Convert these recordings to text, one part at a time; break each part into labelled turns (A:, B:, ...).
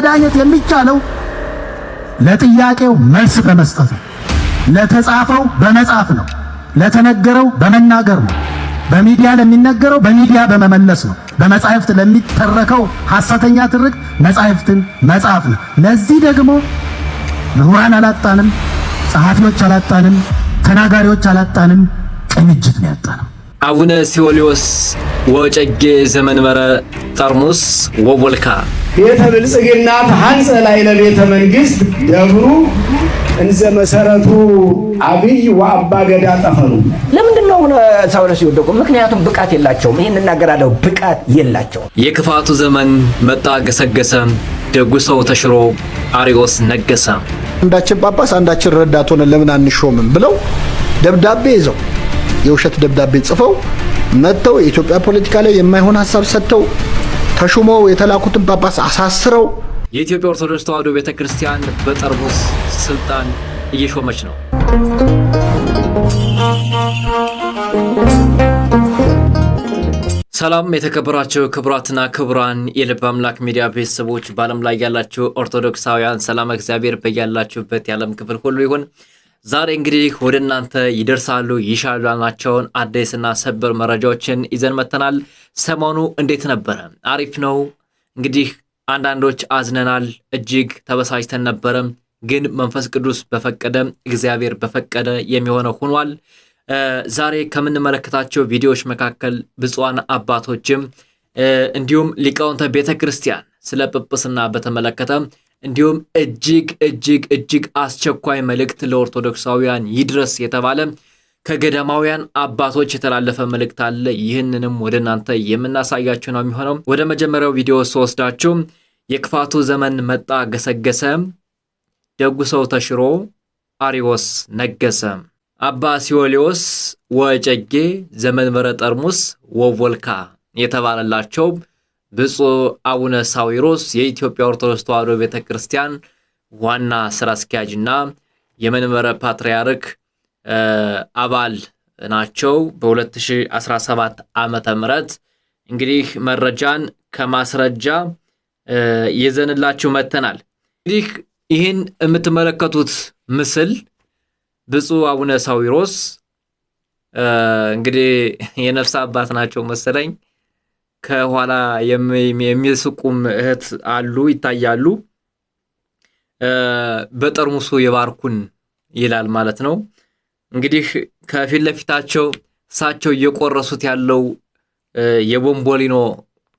A: መዳኘት የሚቻለው ለጥያቄው መልስ በመስጠት ነው። ለተጻፈው በመጻፍ ነው። ለተነገረው በመናገር ነው። በሚዲያ ለሚነገረው በሚዲያ በመመለስ ነው። በመጻሕፍት ለሚተረከው ሐሰተኛ ትርክ መጻሕፍትን መጻፍ ነው። ለዚህ ደግሞ ምሁራን አላጣንም፣ ጸሐፊዎች አላጣንም፣ ተናጋሪዎች አላጣንም። ቅንጅት ነው ያጣነው።
B: አቡነ ሲወሊዮስ ወጨጌ ዘመንበረ ጠርሙስ ወቦልካ
C: ቤተ ብልጽግና ተሐንፀ ላዕለ ቤተ መንግሥት ደብሩ እንዘ መሰረቱ አብይ ወአባ ገዳ ጠፈሩ።
A: ለምንድን ነው ሲወደቁ? ምክንያቱም ብቃት የላቸውም። ይህን እናገራለሁ፣ ብቃት የላቸውም።
B: የክፋቱ ዘመን መጣ ገሰገሰ፣ ደጉ ሰው ተሽሮ አሪዎስ ነገሰ።
A: አንዳችን ጳጳስ አንዳችን ረዳት ሆነን ለምን አንሾምም ብለው ደብዳቤ ይዘው የውሸት ደብዳቤ ጽፈው መጥተው የኢትዮጵያ ፖለቲካ ላይ የማይሆን ሀሳብ ሰጥተው ተሹመው የተላኩትን ጳጳስ አሳስረው
B: የኢትዮጵያ ኦርቶዶክስ ተዋሕዶ ቤተ ክርስቲያን በጠርሙስ ስልጣን እየሾመች ነው። ሰላም የተከበራቸው ክቡራትና ክቡራን የልብ አምላክ ሚዲያ ቤተሰቦች፣ በዓለም ላይ ያላችሁ ኦርቶዶክሳውያን ሰላም እግዚአብሔር በያላችሁበት የዓለም ክፍል ሁሉ ይሁን። ዛሬ እንግዲህ ወደ እናንተ ይደርሳሉ ይሻሉ ያልናቸውን አዲስና ሰበር መረጃዎችን ይዘን መተናል። ሰሞኑ እንዴት ነበረ? አሪፍ ነው። እንግዲህ አንዳንዶች አዝነናል፣ እጅግ ተበሳጭተን ነበረ። ግን መንፈስ ቅዱስ በፈቀደ እግዚአብሔር በፈቀደ የሚሆነው ሆኗል። ዛሬ ከምንመለከታቸው ቪዲዮዎች መካከል ብፁዓን አባቶችም እንዲሁም ሊቃውንተ ቤተ ክርስቲያን ስለ ጵጵስና በተመለከተ እንዲሁም እጅግ እጅግ እጅግ አስቸኳይ መልእክት ለኦርቶዶክሳውያን ይድረስ የተባለ ከገዳማውያን አባቶች የተላለፈ መልእክት አለ። ይህንንም ወደ እናንተ የምናሳያችሁ ነው የሚሆነው። ወደ መጀመሪያው ቪዲዮ ስወስዳችሁ የክፋቱ ዘመን መጣ ገሰገሰ፣ ደጉ ሰው ተሽሮ አሪዎስ ነገሰ፣ አባ ሲወሊዎስ ወጨጌ ዘመንበረ ጠርሙስ ወቮልካ የተባለላቸው ብፁዕ አቡነ ሳዊሮስ የኢትዮጵያ ኦርቶዶክስ ተዋሕዶ ቤተ ክርስቲያን ዋና ስራ አስኪያጅና የመንበረ ፓትርያርክ አባል ናቸው። በ2017 ዓመተ ምህረት እንግዲህ መረጃን ከማስረጃ ይዘንላችሁ መጥተናል። እንግዲህ ይህን የምትመለከቱት ምስል ብፁዕ አቡነ ሳዊሮስ እንግዲህ የነፍስ አባት ናቸው መሰለኝ ከኋላ የሚስቁም እህት አሉ ይታያሉ። በጠርሙሱ የባርኩን ይላል ማለት ነው። እንግዲህ ከፊት ለፊታቸው እሳቸው እየቆረሱት ያለው የቦምቦሊኖ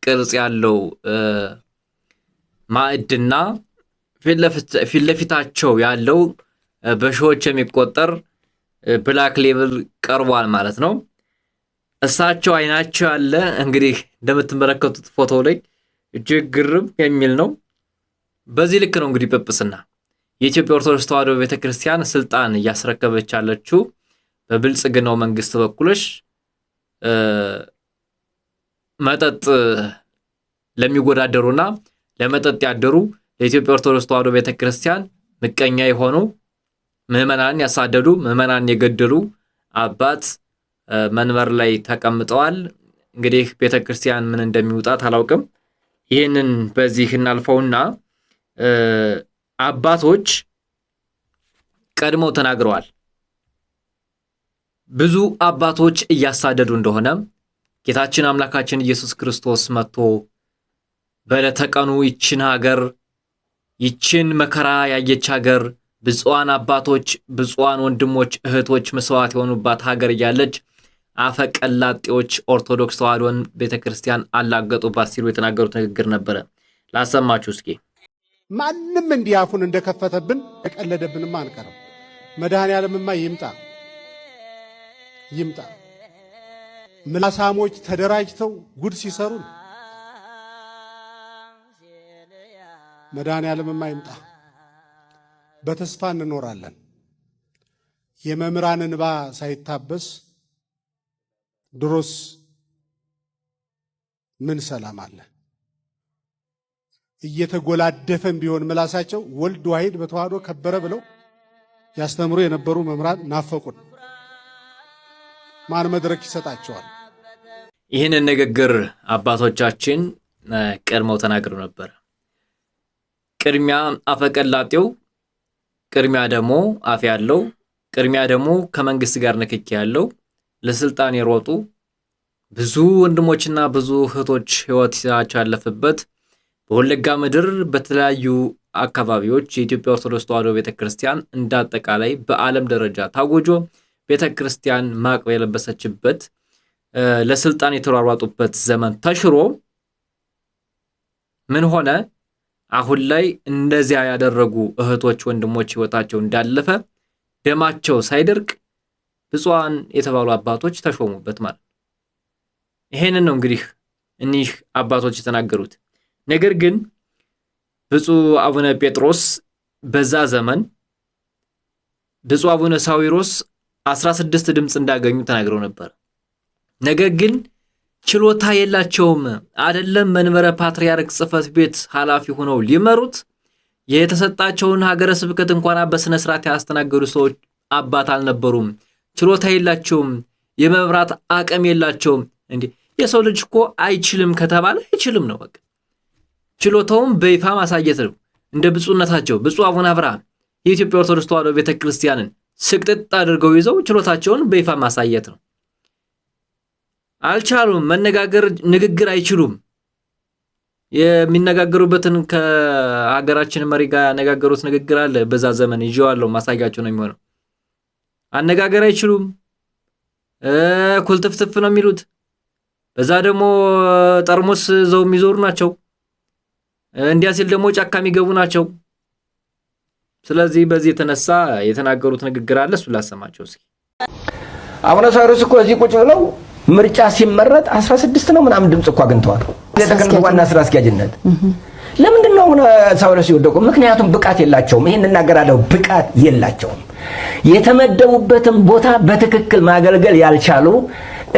B: ቅርጽ ያለው ማዕድና ፊት ለፊታቸው ያለው በሺዎች የሚቆጠር ብላክ ሌብል ቀርቧል ማለት ነው። እሳቸው አይናቸው ያለ እንግዲህ እንደምትመለከቱት ፎቶ ላይ እጅግ ግርም የሚል ነው። በዚህ ልክ ነው እንግዲህ ጵጵስና የኢትዮጵያ ኦርቶዶክስ ተዋሕዶ ቤተ ክርስቲያን ስልጣን እያስረከበች ያለችው በብልጽግናው መንግስት በኩልሽ መጠጥ ለሚወዳደሩና ለመጠጥ ያደሩ ለኢትዮጵያ ኦርቶዶክስ ተዋሕዶ ቤተ ክርስቲያን ምቀኛ የሆኑ ምዕመናን ያሳደዱ ምዕመናን የገደሉ አባት መንበር ላይ ተቀምጠዋል። እንግዲህ ቤተ ክርስቲያን ምን እንደሚውጣት አላውቅም። ይህንን በዚህ እናልፈውና አባቶች ቀድመው ተናግረዋል። ብዙ አባቶች እያሳደዱ እንደሆነ ጌታችን አምላካችን ኢየሱስ ክርስቶስ መጥቶ በዕለተ ቀኑ ይችን ሀገር ይችን መከራ ያየች ሀገር ብፁዓን አባቶች ብፁዓን ወንድሞች እህቶች መስዋዕት የሆኑባት ሀገር እያለች አፈቀላጤዎች ኦርቶዶክስ ተዋህዶን ቤተ ክርስቲያን አላገጡባት ሲሉ የተናገሩት ንግግር ነበረ። ላሰማችሁ እስኪ።
A: ማንም እንዲህ አፉን እንደከፈተብን የቀለደብንም አንቀርም። መድኃኔ ዓለምማ ይምጣ ይምጣ። ምላሳሞች ተደራጅተው ጉድ ሲሰሩን መድኃኔ ዓለምማ ይምጣ። በተስፋ እንኖራለን። የመምህራን እንባ ሳይታበስ ድሮስ ምን ሰላም አለ? እየተጎላደፈን ቢሆን ምላሳቸው ወልድ ዋሂድ በተዋህዶ ከበረ ብለው ያስተምሩ የነበሩ መምህራን ናፈቁን። ማን መድረክ ይሰጣቸዋል?
B: ይህንን ንግግር አባቶቻችን ቀድመው ተናግረው ነበር። ቅድሚያ አፈቀላጤው፣ ቅድሚያ ደግሞ አፍ ያለው፣ ቅድሚያ ደግሞ ከመንግስት ጋር ንክኪ ያለው ለስልጣን የሮጡ ብዙ ወንድሞችና ብዙ እህቶች ህይወታቸው ያለፈበት በወለጋ ምድር በተለያዩ አካባቢዎች የኢትዮጵያ ኦርቶዶክስ ተዋሕዶ ቤተክርስቲያን እንዳጠቃላይ በአለም በዓለም ደረጃ ታጎጆ ቤተክርስቲያን ማቅ የለበሰችበት ለስልጣን የተሯሯጡበት ዘመን ተሽሮ ምን ሆነ? አሁን ላይ እንደዚያ ያደረጉ እህቶች ወንድሞች ህይወታቸው እንዳለፈ ደማቸው ሳይደርቅ ብፁዓን የተባሉ አባቶች ተሾሙበት ማለት ነው። ይሄንን ነው እንግዲህ እኒህ አባቶች የተናገሩት። ነገር ግን ብፁዕ አቡነ ጴጥሮስ በዛ ዘመን ብፁዕ አቡነ ሳዊሮስ 16 ድምፅ እንዳገኙ ተናግረው ነበር። ነገር ግን ችሎታ የላቸውም አደለም መንበረ ፓትርያርክ ጽህፈት ቤት ኃላፊ ሆነው ሊመሩት የተሰጣቸውን ሀገረ ስብከት እንኳን በስነስርዓት ያስተናገዱ ሰዎች አባት አልነበሩም። ችሎታ የላቸውም፣ የመብራት አቅም የላቸውም። እንዴ የሰው ልጅ እኮ አይችልም ከተባለ አይችልም ነው በቃ። ችሎታውም በይፋ ማሳየት ነው። እንደ ብፁነታቸው ብፁ አቡነ አብርሃም የኢትዮጵያ ኦርቶዶክስ ተዋሕዶ ቤተ ክርስቲያንን ስቅጥጥ አድርገው ይዘው ችሎታቸውን በይፋ ማሳየት ነው። አልቻሉም። መነጋገር ንግግር አይችሉም። የሚነጋገሩበትን ከሀገራችን መሪ ጋር ያነጋገሩት ንግግር አለ። በዛ ዘመን ይዤዋለሁ፣ ማሳያቸው ነው የሚሆነው አነጋገር አይችሉም። ኩልትፍትፍ ነው የሚሉት። በዛ ደግሞ ጠርሙስ ዘው የሚዞሩ ናቸው። እንዲያ ሲል ደግሞ ጫካ የሚገቡ ናቸው። ስለዚህ በዚህ የተነሳ የተናገሩት ንግግር አለ። እሱ ላሰማቸው እስኪ።
A: አቡነ ሳዊሮስ እኮ እዚህ ቁጭ ብለው ምርጫ ሲመረጥ 16 ነው ምናምን ድምፅ እኮ አግኝተዋል። ዋና ስራ አስኪያጅነት ለምንድን ነው አቡነ ሳዊሮስ ይወደቁ ምክንያቱም ብቃት የላቸውም። ይህን እናገራለሁ፣ ብቃት የላቸውም። የተመደቡበትን ቦታ በትክክል ማገልገል ያልቻሉ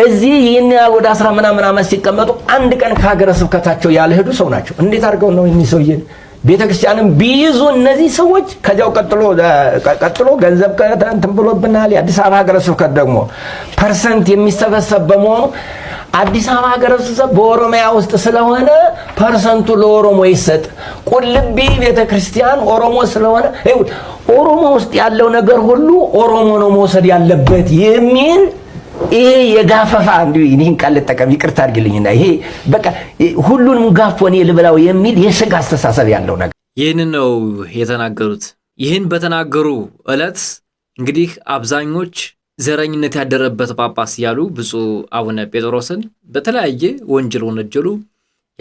A: እዚህ ይህን ያህል ወደ አስራ ምናምን ዓመት ሲቀመጡ አንድ ቀን ከሀገረ ስብከታቸው ያልሄዱ ሰው ናቸው። እንዴት አድርገው ነው እኚህ ሰውዬ ቤተ ክርስቲያንም ቢይዙ እነዚህ ሰዎች ከዚያው ቀጥሎ ገንዘብ እንትን ብሎብናል። የአዲስ አበባ ሀገረ ስብከት ደግሞ ፐርሰንት የሚሰበሰብ በመሆኑ አዲስ አበባ ሀገረ ስብከት በኦሮሚያ ውስጥ ስለሆነ ፐርሰንቱ ለኦሮሞ ይሰጥ። ቁልቢ ቤተ ክርስቲያን ኦሮሞ ስለሆነ ኦሮሞ ውስጥ ያለው ነገር ሁሉ ኦሮሞ ነው መውሰድ ያለበት የሚል ይሄ የጋፈፋ እንዲ ይህን ቃል ልጠቀም ይቅርታ አድርግልኝና ይሄ በቃ ሁሉንም ጋፎ እኔ ልብላው የሚል የስጋ አስተሳሰብ ያለው ነገር
B: ይህን ነው የተናገሩት። ይህን በተናገሩ ዕለት እንግዲህ አብዛኞች ዘረኝነት ያደረበት ጳጳስ እያሉ ብፁዕ አቡነ ጴጥሮስን በተለያየ ወንጀል ወነጀሉ።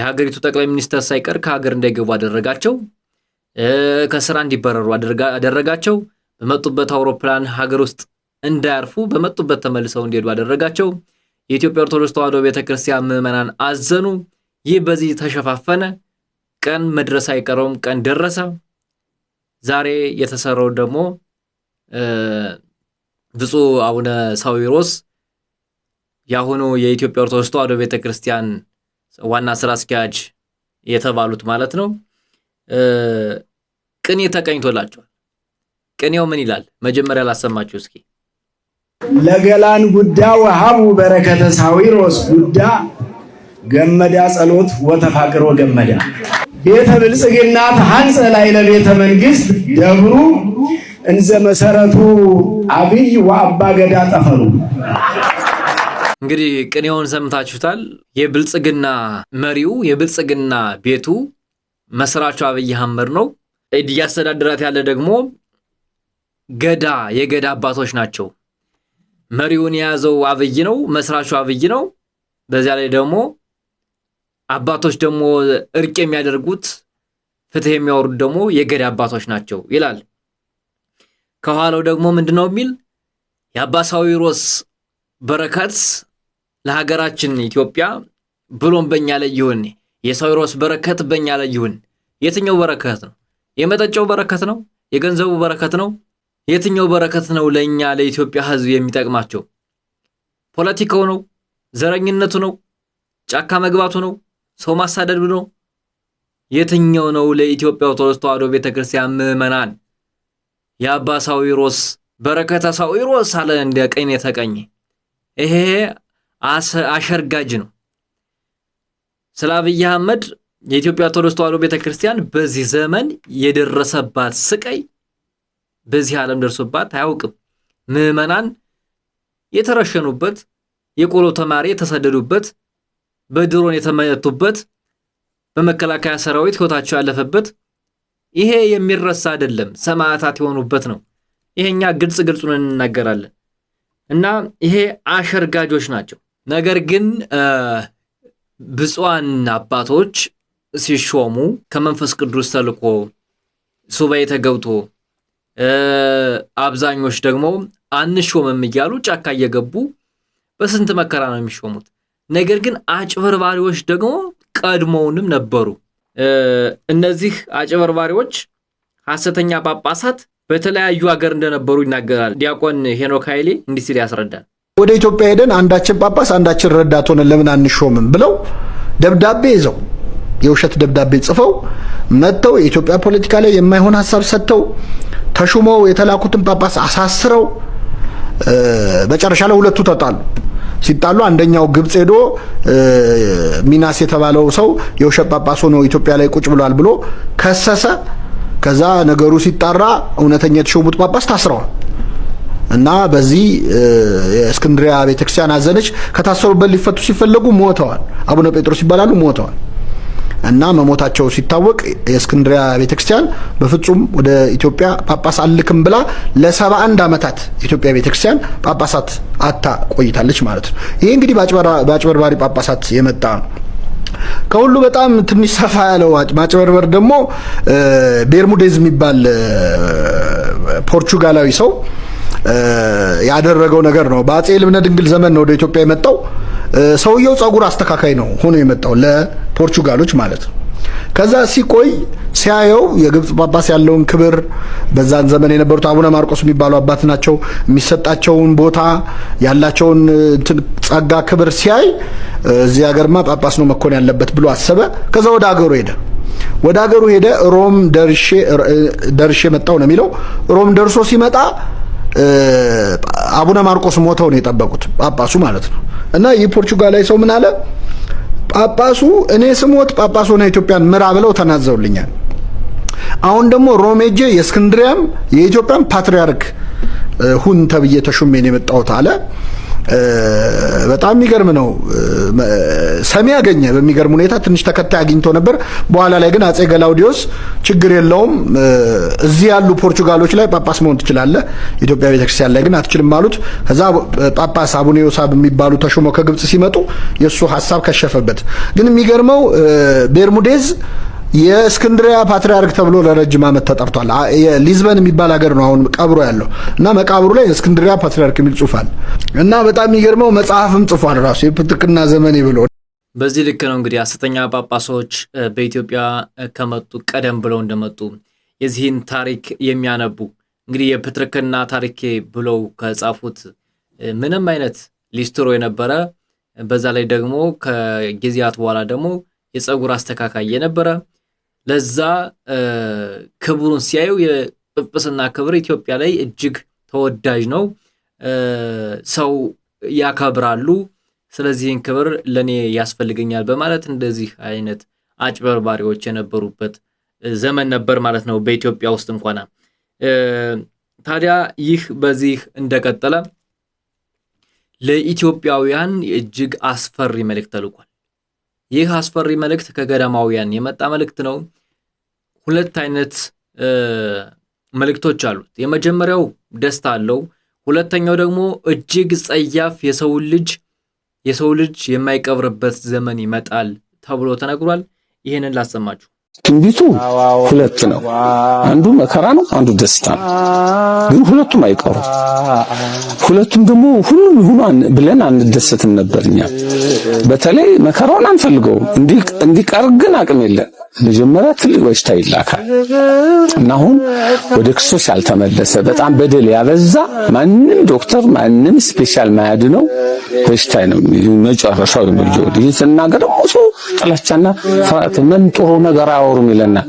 B: የሀገሪቱ ጠቅላይ ሚኒስተር ሳይቀር ከሀገር እንዳይገቡ አደረጋቸው። ከስራ እንዲበረሩ አደረጋቸው። በመጡበት አውሮፕላን ሀገር ውስጥ እንዳያርፉ በመጡበት ተመልሰው እንዲሄዱ አደረጋቸው። የኢትዮጵያ ኦርቶዶክስ ተዋህዶ ቤተክርስቲያን ምዕመናን አዘኑ። ይህ በዚህ ተሸፋፈነ። ቀን መድረስ አይቀረውም፣ ቀን ደረሰ። ዛሬ የተሰራው ደግሞ ብፁዕ አቡነ ሳዊሮስ የአሁኑ የኢትዮጵያ ኦርቶዶክስ ተዋህዶ ቤተ ክርስቲያን ዋና ስራ አስኪያጅ የተባሉት ማለት ነው። ቅኔ ተቀኝቶላቸዋል። ቅኔው ምን ይላል? መጀመሪያ ላሰማችሁ እስኪ።
C: ለገላን ጉዳ ወሀቡ በረከተ ሳዊሮስ ጉዳ ገመዳ ጸሎት ወተፋቅሮ ገመዳ ቤተ ብልጽግና ተሐንጸ ላይ ለቤተ መንግስት ደብሩ እንዘ መሰረቱ አብይ ወአባ ገዳ ጠፈሩ።
B: እንግዲህ ቅኔውን ሰምታችሁታል። የብልጽግና መሪው የብልጽግና ቤቱ መስራቹ አብይ አህመድ ነው። እያስተዳደራት ያለ ደግሞ ገዳ የገዳ አባቶች ናቸው። መሪውን የያዘው አብይ ነው፣ መስራቹ አብይ ነው። በዚያ ላይ ደግሞ አባቶች ደግሞ እርቅ የሚያደርጉት ፍትህ የሚያወሩት ደግሞ የገዳ አባቶች ናቸው ይላል። ከኋላው ደግሞ ምንድን ነው የሚል ሮስ በረከት ለሀገራችን ኢትዮጵያ ብሎም በእኛ ላይ ይሁን። የሳዊሮስ በረከት በእኛ ላይ ይሁን። የትኛው በረከት ነው? የመጠጫው በረከት ነው? የገንዘቡ በረከት ነው? የትኛው በረከት ነው ለእኛ ለኢትዮጵያ ሕዝብ የሚጠቅማቸው? ፖለቲካው ነው? ዘረኝነቱ ነው? ጫካ መግባቱ ነው? ሰው ማሳደድ ነው? የትኛው ነው ለኢትዮጵያ ኦርቶዶክስ ተዋሕዶ ቤተክርስቲያን ምዕመናን የአባ ሳዊሮስ በረከተ ሳዊሮስ አለ እንደ ቀኝ የተቀኘ ይሄ አሸርጋጅ ነው። ስለ አብይ አህመድ የኢትዮጵያ ኦርቶዶክስ ተዋሕዶ ቤተክርስቲያን በዚህ ዘመን የደረሰባት ስቃይ በዚህ ዓለም ደርሶባት አያውቅም። ምዕመናን የተረሸኑበት፣ የቆሎ ተማሪ የተሰደዱበት፣ በድሮን የተመቱበት፣ በመከላከያ ሰራዊት ህይወታቸው ያለፈበት ይሄ የሚረሳ አይደለም፣ ሰማዕታት የሆኑበት ነው። ይሄኛ ግልጽ ግልጹን እንናገራለን እና ይሄ አሸርጋጆች ናቸው። ነገር ግን ብፁዓን አባቶች ሲሾሙ ከመንፈስ ቅዱስ ተልኮ ሱባኤ ተገብቶ አብዛኞች ደግሞ አንሾምም እያሉ ጫካ እየገቡ በስንት መከራ ነው የሚሾሙት። ነገር ግን አጭበርባሪዎች ደግሞ ቀድሞውንም ነበሩ። እነዚህ አጭበርባሪዎች ሐሰተኛ ጳጳሳት በተለያዩ ሀገር እንደነበሩ ይናገራል። ዲያቆን ሄኖክ ኃይሌ እንዲህ ሲል ያስረዳል።
A: ወደ ኢትዮጵያ ሄደን አንዳችን ጳጳስ አንዳችን ረዳት ሆነን ለምን አንሾምም ብለው ደብዳቤ ይዘው የውሸት ደብዳቤ ጽፈው መጥተው የኢትዮጵያ ፖለቲካ ላይ የማይሆን ሀሳብ ሰጥተው ተሹመው የተላኩትን ጳጳስ አሳስረው መጨረሻ ላይ ሁለቱ ተጣሉ። ሲጣሉ አንደኛው ግብጽ ሄዶ ሚናስ የተባለው ሰው የውሸት ጳጳስ ሆኖ ኢትዮጵያ ላይ ቁጭ ብሏል ብሎ ከሰሰ። ከዛ ነገሩ ሲጣራ እውነተኛ የተሾሙት ጳጳስ ታስረዋል። እና በዚህ የእስክንድሪያ ቤተክርስቲያን አዘነች። ከታሰሩበት ሊፈቱ ሲፈለጉ ሞተዋል። አቡነ ጴጥሮስ ይባላሉ ሞተዋል። እና መሞታቸው ሲታወቅ የእስክንድሪያ ቤተክርስቲያን በፍጹም ወደ ኢትዮጵያ ጳጳስ አልክም ብላ ለ71 ዓመታት ኢትዮጵያ ቤተክርስቲያን ጳጳሳት አታ ቆይታለች ማለት ነው። ይህ እንግዲህ በአጭበርባሪ ጳጳሳት የመጣ ነው። ከሁሉ በጣም ትንሽ ሰፋ ያለው ማጭበርበር ደግሞ ቤርሙዴዝ የሚባል ፖርቹጋላዊ ሰው ያደረገው ነገር ነው። በአጼ ልብነ ድንግል ዘመን ነው ወደ ኢትዮጵያ የመጣው። ሰውየው ጸጉር አስተካካይ ነው ሆኖ የመጣው ለፖርቹጋሎች ማለት ነው። ከዛ ሲቆይ ሲያየው የግብፅ ጳጳስ ያለውን ክብር በዛን ዘመን የነበሩት አቡነ ማርቆስ የሚባሉ አባት ናቸው። የሚሰጣቸውን ቦታ ያላቸውን ጸጋ፣ ክብር ሲያይ እዚህ ሀገርማ ጳጳስ ነው መኮን ያለበት ብሎ አሰበ። ከዛ ወደ ሀገሩ ሄደ። ወደ ሀገሩ ሄደ። ሮም ደርሼ መጣው ነው የሚለው። ሮም ደርሶ ሲመጣ አቡነ ማርቆስ ሞተው ነው የጠበቁት፣ ጳጳሱ ማለት ነው። እና ይህ ፖርቹጋላዊ ሰው ምን አለ? ጳጳሱ እኔ ስሞት ጳጳሱ ሆነ ኢትዮጵያን ምራ ብለው ተናዘውልኛል። አሁን ደግሞ ሮሜጄ የእስክንድሪያም የኢትዮጵያን ፓትሪያርክ ሁን ተብዬ ተሹሜን የመጣሁት አለ። በጣም የሚገርም ነው። ሰሚ ያገኘ በሚገርም ሁኔታ ትንሽ ተከታይ አግኝቶ ነበር። በኋላ ላይ ግን አጼ ገላውዲዮስ ችግር የለውም እዚህ ያሉ ፖርቹጋሎች ላይ ጳጳስ መሆን ትችላለህ፣ ኢትዮጵያ ቤተክርስቲያን ላይ ግን አትችልም አሉት። ከዛ ጳጳስ አቡኔዮሳ የሚባሉ ተሾመው ከግብጽ ሲመጡ የእሱ ሀሳብ ከሸፈበት። ግን የሚገርመው ቤርሙዴዝ የእስክንድሪያ ፓትሪያርክ ተብሎ ለረጅም ዓመት ተጠርቷል። ሊዝበን የሚባል ሀገር ነው አሁን ቀብሮ ያለው እና መቃብሩ ላይ የእስክንድሪያ ፓትሪያርክ የሚል ጽሑፋል እና በጣም የሚገርመው መጽሐፍም ጽፏል ራሱ የፕትርክና ዘመኔ ብሎ።
B: በዚህ ልክ ነው እንግዲህ ሐሰተኛ ጳጳሶች በኢትዮጵያ ከመጡ ቀደም ብለው እንደመጡ የዚህን ታሪክ የሚያነቡ እንግዲህ የፕትርክና ታሪኬ ብለው ከጻፉት ምንም አይነት ሊስትሮ የነበረ በዛ ላይ ደግሞ ከጊዜያት በኋላ ደግሞ የፀጉር አስተካካይ የነበረ ለዛ ክብሩን ሲያዩ የጵጵስና ክብር ኢትዮጵያ ላይ እጅግ ተወዳጅ ነው። ሰው ያከብራሉ። ስለዚህን ክብር ለእኔ ያስፈልገኛል በማለት እንደዚህ አይነት አጭበርባሪዎች የነበሩበት ዘመን ነበር ማለት ነው በኢትዮጵያ ውስጥ እንኳን። ታዲያ ይህ በዚህ እንደቀጠለ ለኢትዮጵያውያን እጅግ አስፈሪ መልእክት ተልኳል። ይህ አስፈሪ መልእክት ከገዳማውያን የመጣ መልእክት ነው። ሁለት አይነት መልእክቶች አሉት። የመጀመሪያው ደስታ አለው። ሁለተኛው ደግሞ እጅግ ጸያፍ የሰው ልጅ የሰው ልጅ የማይቀብርበት ዘመን ይመጣል ተብሎ ተነግሯል። ይህንን ላሰማችሁ።
A: ትንቢቱ ሁለት ነው። አንዱ መከራ ነው፣ አንዱ ደስታ ነው። ግን ሁለቱም አይቀሩም። ሁለቱም ደግሞ ሁሉም ይሁን ብለን አንደሰትም ነበር እኛ። በተለይ መከራውን አንፈልገውም። እንዲቀር ግን አቅም የለን። መጀመሪያ ትልቅ በሽታ ይላካል እና አሁን ወደ ክርስቶስ ያልተመለሰ በጣም በደል ያበዛ ማንም ዶክተር ማንም ስፔሻል ማያድ ነው በሽታ ነው መጨረሻው ነው። ይህ ስናገር ደግሞ ጥላቻና ፍርሃት መንጦሮ ነገር አታወሩም ይለናል።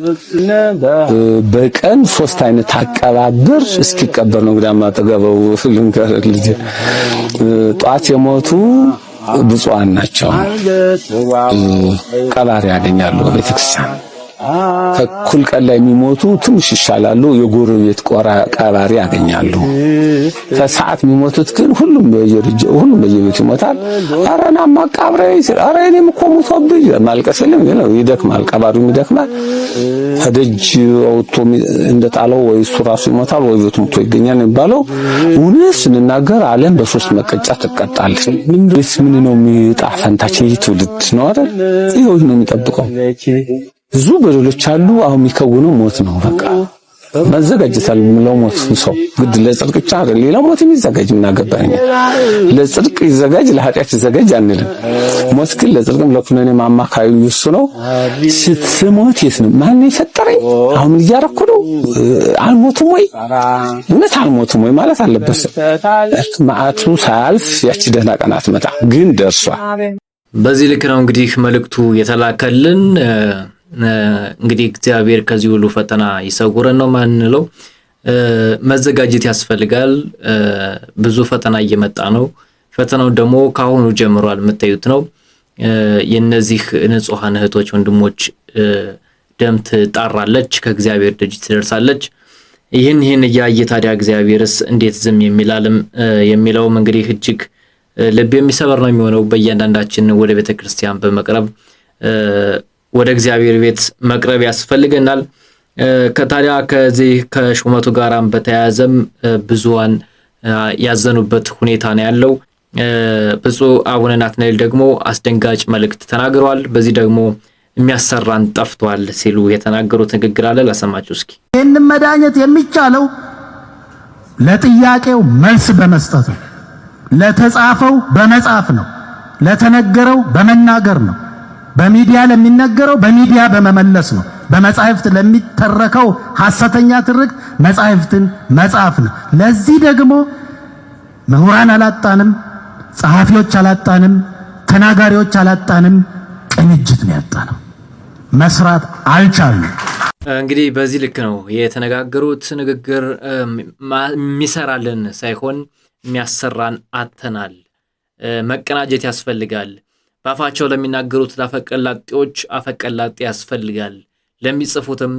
A: በቀን ሶስት አይነት አቀባብር እስኪቀበር ነው። ግዳማ ተገበው ልንገር ልጅ ጧት የሞቱ ብፁዓን ናቸው። ቀባሪ ያገኛሉ ቤተክርስቲያን ተኩል ቀን ላይ የሚሞቱ ትንሽ ይሻላሉ፣ የጎረቤት ቆራ ቀባሪ ያገኛሉ። ከሰዓት የሚሞቱት ግን ሁሉም ሁሉም በየቤቱ ይሞታል። አረና ማቃብረ ይችላል። አረ እኔም እኮ ሙቶብኝ ማልቀስልም ግን ይደክማል፣ ቀባሪውም ይደክማል። ከደጅ አውጥቶ እንደጣለው ወይ እሱ ራሱ ይሞታል ወይ ቤቱ ሙቶ ይገኛል የሚባለው እውነት ስንናገር ዓለም በሶስት መቀጫ ትቀጣለች። ምንድን ነው የሚጣ ፈንታችን ይህ ትውልድ ነው አይደል? ይኸው ነው የሚጠብቀው። ብዙ በደሎች አሉ። አሁን የሚከውነው ሞት ነው። በቃ መዘጋጀታል ምለው ሞት ሰው ግድ ለጽድቅ ብቻ አይደል፣ ሌላ ሞት የሚዘጋጅ ምን አገባኝ። ለጽድቅ ይዘጋጅ ለኃጢአት ይዘጋጅ አንልም። ሞት ግን ለጽድቅም ለኩነኔም አማካዩ እሱ ነው። ስትሞት የት ነው ማን የፈጠረኝ? አሁን እያረኩ ነው። አልሞትም ወይ እውነት አልሞትም ወይ ማለት አለበት። መዓቱ ሳያልፍ ያቺ ደህና ቀናት መጣ ግን ደርሷል።
B: በዚህ ልክ ነው እንግዲህ መልእክቱ የተላከልን። እንግዲህ እግዚአብሔር ከዚህ ሁሉ ፈተና ይሰውረን ነው ማንለው። መዘጋጀት ያስፈልጋል። ብዙ ፈተና እየመጣ ነው። ፈተናው ደግሞ ከአሁኑ ጀምሯል የምታዩት ነው። የነዚህ ንጹሐን እህቶች ወንድሞች ደም ትጣራለች፣ ከእግዚአብሔር ደጅ ትደርሳለች። ይህን ይህን እያየ ታዲያ እግዚአብሔርስ እንዴት ዝም የሚላልም የሚለውም እንግዲህ እጅግ ልብ የሚሰበር ነው የሚሆነው። በእያንዳንዳችን ወደ ቤተ ክርስቲያን በመቅረብ ወደ እግዚአብሔር ቤት መቅረብ ያስፈልገናል። ከታዲያ ከዚህ ከሹመቱ ጋራም በተያያዘም ብዙዋን ያዘኑበት ሁኔታ ነው ያለው። ብፁዕ አቡነ ናትናኤል ደግሞ አስደንጋጭ መልእክት ተናግረዋል። በዚህ ደግሞ የሚያሰራን ጠፍቷል ሲሉ የተናገሩት ንግግር አለ። ላሰማችሁ እስኪ።
A: ይህን መዳኘት የሚቻለው ለጥያቄው መልስ በመስጠት ነው፣ ለተጻፈው በመጻፍ ነው፣ ለተነገረው በመናገር ነው። በሚዲያ ለሚነገረው በሚዲያ በመመለስ ነው። በመጻሕፍት ለሚተረከው ሐሰተኛ ትርክ መጻሕፍትን መጻፍ ነው። ለዚህ ደግሞ ምሁራን አላጣንም፣ ጸሐፊዎች አላጣንም፣ ተናጋሪዎች አላጣንም። ቅንጅት ነው ያጣነው። መስራት አልቻልንም።
B: እንግዲህ በዚህ ልክ ነው የተነጋገሩት። ንግግር የሚሰራልን ሳይሆን የሚያሰራን አተናል። መቀናጀት ያስፈልጋል። በአፋቸው ለሚናገሩት ለአፈቀላጤዎች አፈቀላጤ ያስፈልጋል፣ ለሚጽፉትም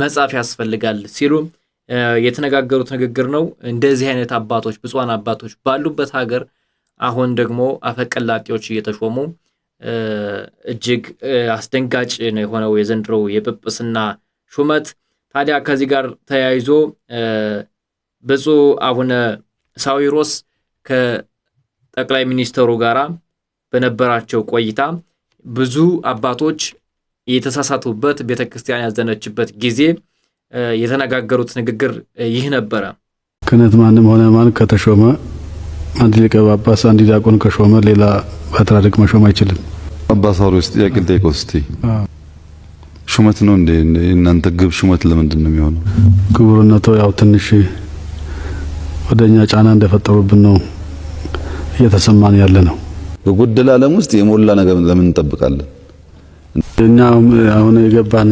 B: መጻፍ ያስፈልጋል ሲሉ የተነጋገሩት ንግግር ነው። እንደዚህ አይነት አባቶች ብፁዓን አባቶች ባሉበት ሀገር አሁን ደግሞ አፈቀላጤዎች እየተሾሙ እጅግ አስደንጋጭ ነው የሆነው የዘንድሮው የጵጵስና ሹመት። ታዲያ ከዚህ ጋር ተያይዞ ብፁዕ አቡነ ሳዊሮስ ከጠቅላይ ሚኒስትሩ ጋራ በነበራቸው ቆይታ ብዙ አባቶች የተሳሳቱበት ቤተ ክርስቲያን ያዘነችበት ጊዜ የተነጋገሩት ንግግር ይህ ነበረ።
D: ክህነት ማንም ሆነ ማን ከተሾመ አንድ ሊቀ ጳጳስ አንድ ዲያቆን ከሾመ ሌላ ፓትርያርክ መሾም አይችልም።
E: አባሳሩ ውስጥ ጥያቄ ልጠይቀው እስቲ። ሹመት ነው እንዴ? እናንተ ግብ ሹመት ለምንድን ነው የሚሆነው?
D: ክቡርነቶ ያው ትንሽ ወደኛ ጫና እንደፈጠሩብን ነው እየተሰማን ያለ ነው።
E: በጎደለ ዓለም ውስጥ የሞላ ነገር ለምን እንጠብቃለን?
D: እኛ አሁን የገባን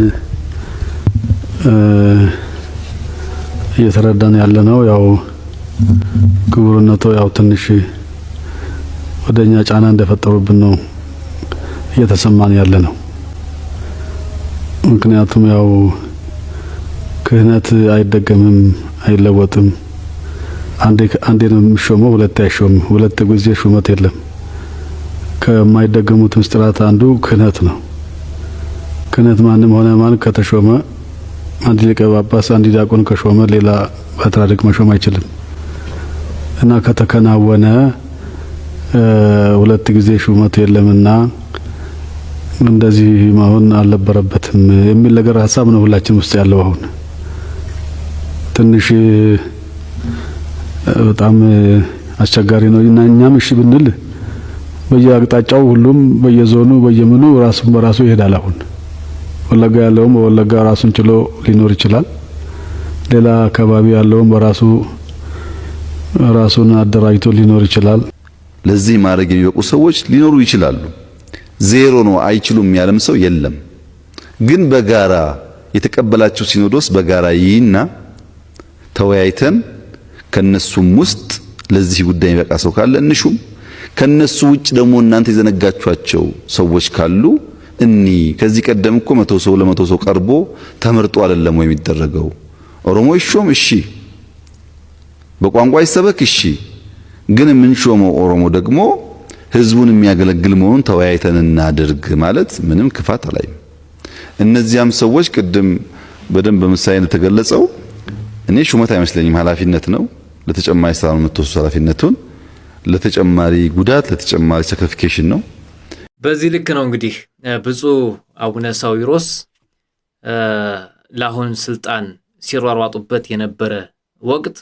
D: እየተረዳን ያለ ነው። ያው ክቡርነቶ ያው ትንሽ ወደኛ ጫና እንደፈጠሩብን ነው እየተሰማን ያለ ነው። ምክንያቱም ያው ክህነት አይደገምም፣ አይለወጥም። አንዴ አንዴ ነው የሚሾመው፣ ሁለቴ አይሾምም። ሁለት ጊዜ ሹመት የለም። ከማይደገሙት ምስጢራት አንዱ ክህነት ነው። ክህነት ማንም ሆነ ማን ከተሾመ አንድ ሊቀ ጳጳስ አንድ ዲያቆን ከሾመ ሌላ ፓትርያርክ መሾም አይችልም እና ከተከናወነ ሁለት ጊዜ ሹመት የለምና እንደዚህ መሆን አልነበረበትም የሚል ነገር ሀሳብ ነው ሁላችን ውስጥ ያለው። አሁን ትንሽ በጣም አስቸጋሪ ነው እና እኛም እሺ ብንል በየአቅጣጫው ሁሉም በየዞኑ በየምኑ ራሱን በራሱ ይሄዳል። አሁን ወለጋ ያለውም በወለጋ ራሱን ችሎ ሊኖር ይችላል። ሌላ አካባቢ ያለውም በራሱ ራሱን አደራጅቶ ሊኖር ይችላል።
E: ለዚህ ማድረግ የሚበቁ ሰዎች ሊኖሩ ይችላሉ። ዜሮ ነው አይችሉም ያለም ሰው የለም። ግን በጋራ የተቀበላቸው ሲኖዶስ በጋራ ይይና ተወያይተን ከነሱም ውስጥ ለዚህ ጉዳይ የሚበቃ ሰው ካለ እንሹም። ከነሱ ውጭ ደግሞ እናንተ የዘነጋችኋቸው ሰዎች ካሉ እኒ ከዚህ ቀደም እኮ መቶ ሰው ለመቶ ሰው ቀርቦ ተመርጦ አይደለም ወይ የሚደረገው? ኦሮሞ ይሾም እሺ፣ በቋንቋ ይሰበክ እሺ። ግን የምንሾመው ኦሮሞ ደግሞ ህዝቡን የሚያገለግል መሆኑን ተወያይተን እናድርግ ማለት ምንም ክፋት አላይም። እነዚያም ሰዎች ቅድም በደንብ በምሳሌ እንደተገለጸው እኔ ሹመት አይመስለኝም፣ ኃላፊነት ነው። ለተጨማሪ ስራ ነው የምትወስዱ ኃላፊነቱን ለተጨማሪ ጉዳት ለተጨማሪ ሳክሪፊኬሽን ነው።
B: በዚህ ልክ ነው እንግዲህ ብፁዕ አቡነ ሳዊሮስ ለአሁን ስልጣን ሲሯሯጡበት የነበረ ወቅት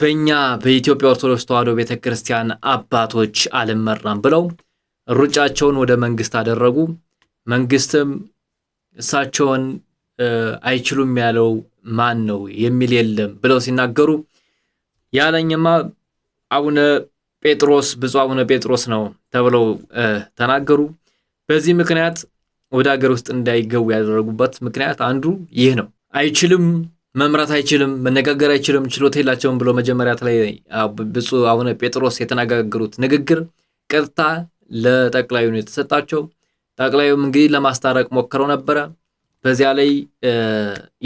B: በእኛ በኢትዮጵያ ኦርቶዶክስ ተዋሕዶ ቤተ ክርስቲያን አባቶች አልመራም ብለው ሩጫቸውን ወደ መንግስት አደረጉ። መንግስትም እሳቸውን አይችሉም ያለው ማን ነው የሚል የለም ብለው ሲናገሩ ያለኝማ አቡነ ጴጥሮስ ብፁዕ አቡነ ጴጥሮስ ነው ተብለው ተናገሩ። በዚህ ምክንያት ወደ ሀገር ውስጥ እንዳይገቡ ያደረጉበት ምክንያት አንዱ ይህ ነው። አይችልም፣ መምራት አይችልም፣ መነጋገር አይችልም፣ ችሎታ የላቸውም ብሎ መጀመሪያ ላይ ብፁ አቡነ ጴጥሮስ የተነጋገሩት ንግግር ቀጥታ ለጠቅላዩ ነው የተሰጣቸው። ጠቅላዩም እንግዲህ ለማስታረቅ ሞክረው ነበረ። በዚያ ላይ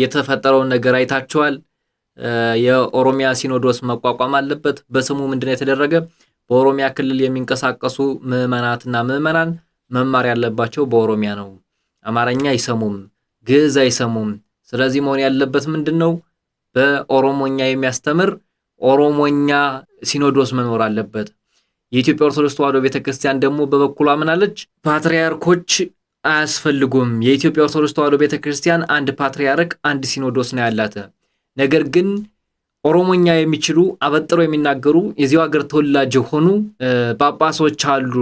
B: የተፈጠረውን ነገር አይታቸዋል። የኦሮሚያ ሲኖዶስ መቋቋም አለበት። በስሙ ምንድነው የተደረገ? በኦሮሚያ ክልል የሚንቀሳቀሱ ምዕመናትና ምዕመናን መማር ያለባቸው በኦሮሚያ ነው። አማርኛ አይሰሙም፣ ግዕዝ አይሰሙም። ስለዚህ መሆን ያለበት ምንድን ነው? በኦሮሞኛ የሚያስተምር ኦሮሞኛ ሲኖዶስ መኖር አለበት። የኢትዮጵያ ኦርቶዶክስ ተዋሕዶ ቤተክርስቲያን ደግሞ በበኩሏ ምናለች? ፓትርያርኮች አያስፈልጉም። የኢትዮጵያ ኦርቶዶክስ ተዋሕዶ ቤተክርስቲያን አንድ ፓትርያርክ፣ አንድ ሲኖዶስ ነው ያላት። ነገር ግን ኦሮሞኛ የሚችሉ አበጥረው የሚናገሩ የዚያው ሀገር ተወላጅ የሆኑ ጳጳሶች አሉ፣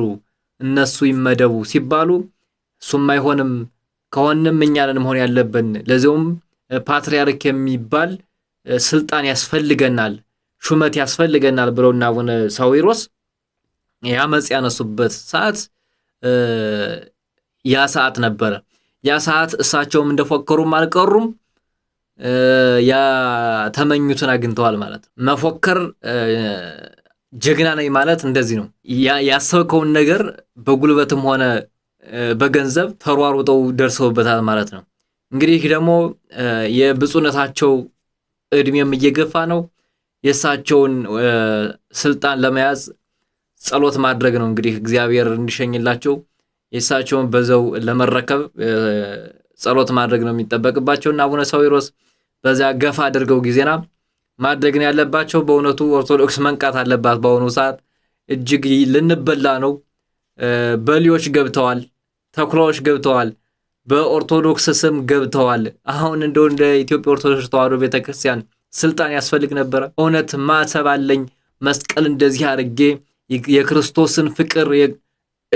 B: እነሱ ይመደቡ ሲባሉ እሱም አይሆንም ከሆንም እኛንን መሆን ያለብን፣ ለዚውም ፓትሪያርክ የሚባል ስልጣን ያስፈልገናል፣ ሹመት ያስፈልገናል ብለውና አቡነ ሳዊሮስ የአመፅ ያነሱበት ሰዓት ያ ሰዓት ነበረ። ያ ሰዓት እሳቸውም እንደፎከሩም አልቀሩም። ያተመኙትን አግኝተዋል ማለት ነው። መፎከር ጀግና ነኝ ማለት እንደዚህ ነው። ያሰብከውን ነገር በጉልበትም ሆነ በገንዘብ ተሯሩጠው ደርሰውበታል ማለት ነው። እንግዲህ ደግሞ የብፁዕነታቸው እድሜም እየገፋ ነው። የእሳቸውን ስልጣን ለመያዝ ጸሎት ማድረግ ነው እንግዲህ እግዚአብሔር እንዲሸኝላቸው የእሳቸውን በዘው ለመረከብ ጸሎት ማድረግ ነው የሚጠበቅባቸውና አቡነ ሳዊሮስ በዚያ ገፋ አድርገው ጊዜና ማድረግን ያለባቸው በእውነቱ ኦርቶዶክስ መንቃት አለባት። በአሁኑ ሰዓት እጅግ ልንበላ ነው። በሊዎች ገብተዋል፣ ተኩላዎች ገብተዋል፣ በኦርቶዶክስ ስም ገብተዋል። አሁን እንደው እንደ ኢትዮጵያ ኦርቶዶክስ ተዋህዶ ቤተክርስቲያን ስልጣን ያስፈልግ ነበረ። እውነት ማሰብ አለኝ መስቀል እንደዚህ አድርጌ የክርስቶስን ፍቅር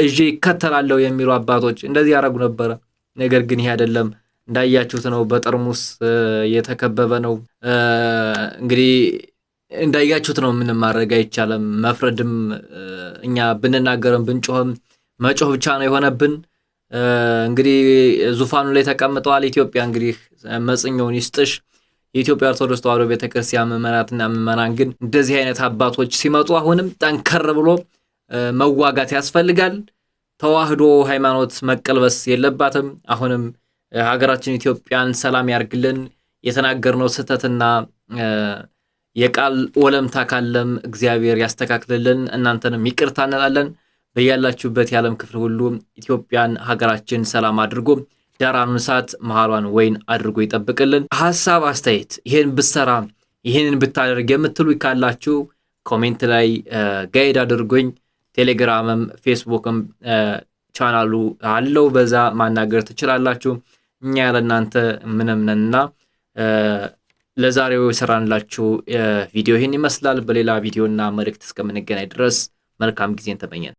B: እዤ ይከተላለሁ የሚሉ አባቶች እንደዚህ ያደረጉ ነበረ። ነገር ግን ይሄ አይደለም። እንዳያችሁት ነው። በጠርሙስ የተከበበ ነው። እንግዲህ እንዳያችሁት ነው። ምንም ማድረግ አይቻልም። መፍረድም እኛ ብንናገርም ብንጮህም መጮህ ብቻ ነው የሆነብን። እንግዲህ ዙፋኑ ላይ ተቀምጠዋል። ኢትዮጵያ እንግዲህ መጽኛውን ይስጥሽ። የኢትዮጵያ ኦርቶዶክስ ተዋሕዶ ቤተክርስቲያን ምዕመናትና ምዕመናን ግን እንደዚህ አይነት አባቶች ሲመጡ አሁንም ጠንከር ብሎ መዋጋት ያስፈልጋል። ተዋሕዶ ሃይማኖት መቀልበስ የለባትም። አሁንም ሀገራችን ኢትዮጵያን ሰላም ያርግልን። የተናገርነው ስህተትና የቃል ወለምታ ካለም እግዚአብሔር ያስተካክልልን። እናንተንም ይቅርታ እንላለን። በያላችሁበት የዓለም ክፍል ሁሉ ኢትዮጵያን ሀገራችን ሰላም አድርጎ ዳሯን ሰዓት መሃሏን ወይን አድርጎ ይጠብቅልን። ሀሳብ አስተያየት፣ ይህን ብሰራ ይህንን ብታደርግ የምትሉ ካላችሁ ኮሜንት ላይ ጋይድ አድርጎኝ። ቴሌግራምም ፌስቡክም ቻናሉ አለው፣ በዛ ማናገር ትችላላችሁ። እኛ ያለ እናንተ ምንም ነንና ለዛሬው የሰራንላችሁ ቪዲዮ ይህን ይመስላል። በሌላ ቪዲዮና መልእክት እስከምንገናኝ ድረስ መልካም ጊዜን ተመኘን።